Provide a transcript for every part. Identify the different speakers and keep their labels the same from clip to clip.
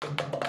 Speaker 1: Thank you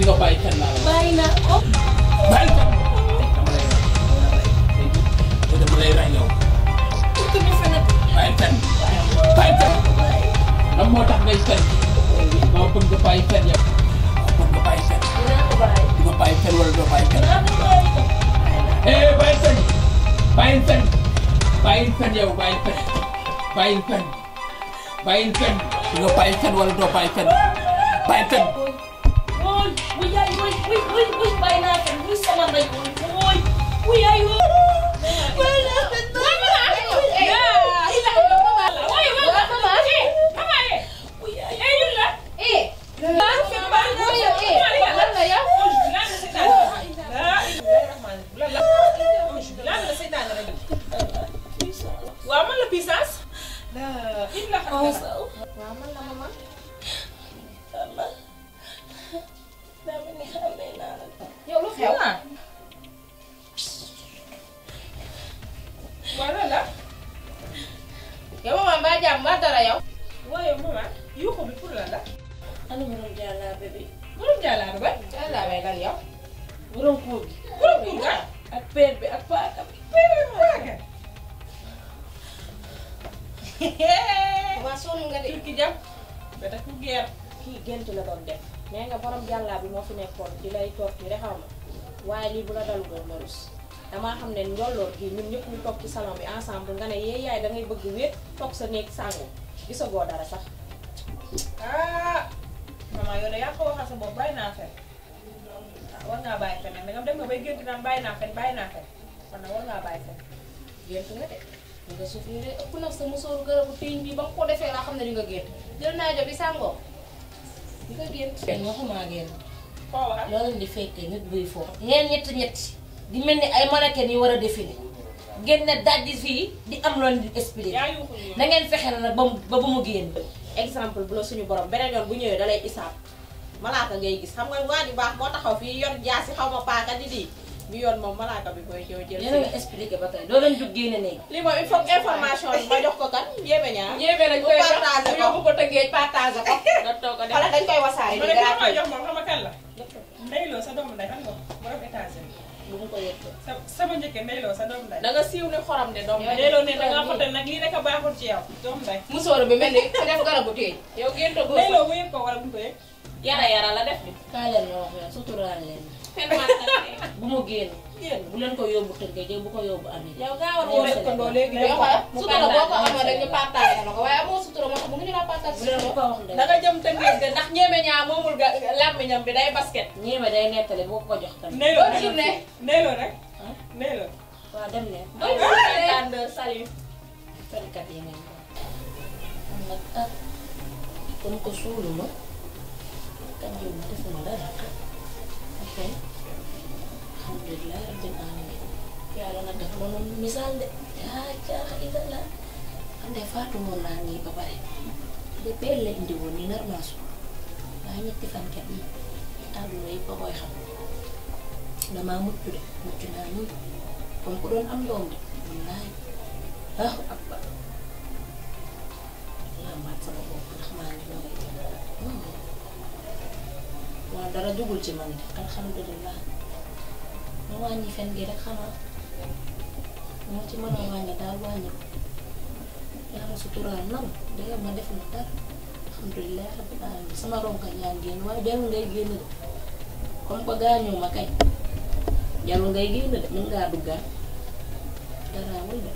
Speaker 1: di nga bàyyi kenn laa la. bàyyi naa ko. bàyyi ko. dama lay rey yow. bàyyi kenn. bàyyi kenn. lan moo tax ngay kenn. maa bëgg nga bàyyi kenn yow. maa bëgg nga bàyyi kenn. di nga bàyyi kenn wala doo bàyyi kenn. eh bàyyi kenn. bàyyi kenn. bàyyi kenn yow bàyyi kenn. bàyyi kenn. bàyyi kenn. di nga bàyyi kenn wala doo bàyyi kenn. bàyyi kenn. we, uy, ay, we, uy, uy, we, vaina, que muy se manda y uy, uy, ay, uy. ya mbaa dara yow mama yuuxu bi pour lan anu anu ah? la ana borom jaalaabe bi borom jaalaabe jaalaabe lan yow borom kuur gi borom kuur ga ak peer bi ak paaka bi peer turki jam ba tak ku geer kii gént la doon def nee nga borom jàllaa bi moo fi nekkoon di lay toog ni rek xaw bu la dalu doon ma damaa xam ne njolloor gi ñun ñëpp ñu toog ci salon bi ensemble nga ne yee yaay bëgg wéet toog sa néeg sàngu gisagoo dara sax. ah maman yow de yaa ko waxal sa bopp bàyyi naa fen war ngaa bàyyi fen gént naa nga de. nga suuf ni ëpp nag sa musóoru garabu tiiñ bi ba ko defee laa xam ne di nga gént jël naa jo bi sàngoo di nga gént. waxumaa gént. koo waxal loolu di fekkee nit buy foofu. ñeent ñetti ñetti. di mel ni ay mannequin yu war a défilé génn dajji fii di am loolu di expliqué na ngeen fexe na nag ba mu ba mu génn. exemple bu la suñu borom beneen yoon bu ñëwee da lay isaab malaaka ngay gis xam nga waa ji baax moo taxaw fii yor jaasi xaw ma paaka di di bi yoon moom malaaka bi koy jël. jël yéen a expliqué ba tey doo leen jug génne ne. li ma il information bi ma jox ko kan yéeme ñaar. yéeme lañ koy jox ko tëggee partage ko. dootoo ko def wala dañ ma jox moom xam kan la. ndeylo sa doomu ndey xam nga bu mu ko yëg sama sa doom day da nga siiw xoram de doom ndeyloo ne da nga xote nag lii rek a baaxul ci yow doom day musóor bi mel ni ku def garabu téye yow génn góor ndeyloo bu yëg ko wala bu mu ko la def bi kaa leen ma wax yow suturaal leen bu iya. Bulan génn yobu leen ko bu ko yóbbu amee. yow nga war a dëkkandoo léegi de sutura boo ko amoon rek ñu partage la ko waaye amoo sutura moo tax mënuñu la partage. bu leen ko wax da nga jëm ndax ga bi day basket. ñeme day nettali boo ko jox tamit. nee rek nee rek. nee loo. dem leen. booy bu salut. ko misaal de ah caaxa ida la xam naa nii ba pare de peel la indi woon nar naa suuf waaye ñetti fankat yi yi ba am doom de ah, mun hmm. ci man de ma wàññi fen gi rek xanaa moo ci mën a wàññi daal wàññi ko yàlla suturaal na ma ma def na dara alhamdulilah rabbil alamin sama ronka ñaan génn waaye jarul ngay génn de comme ma kay jarul ngay génn de mën ngaa duggaat daraawul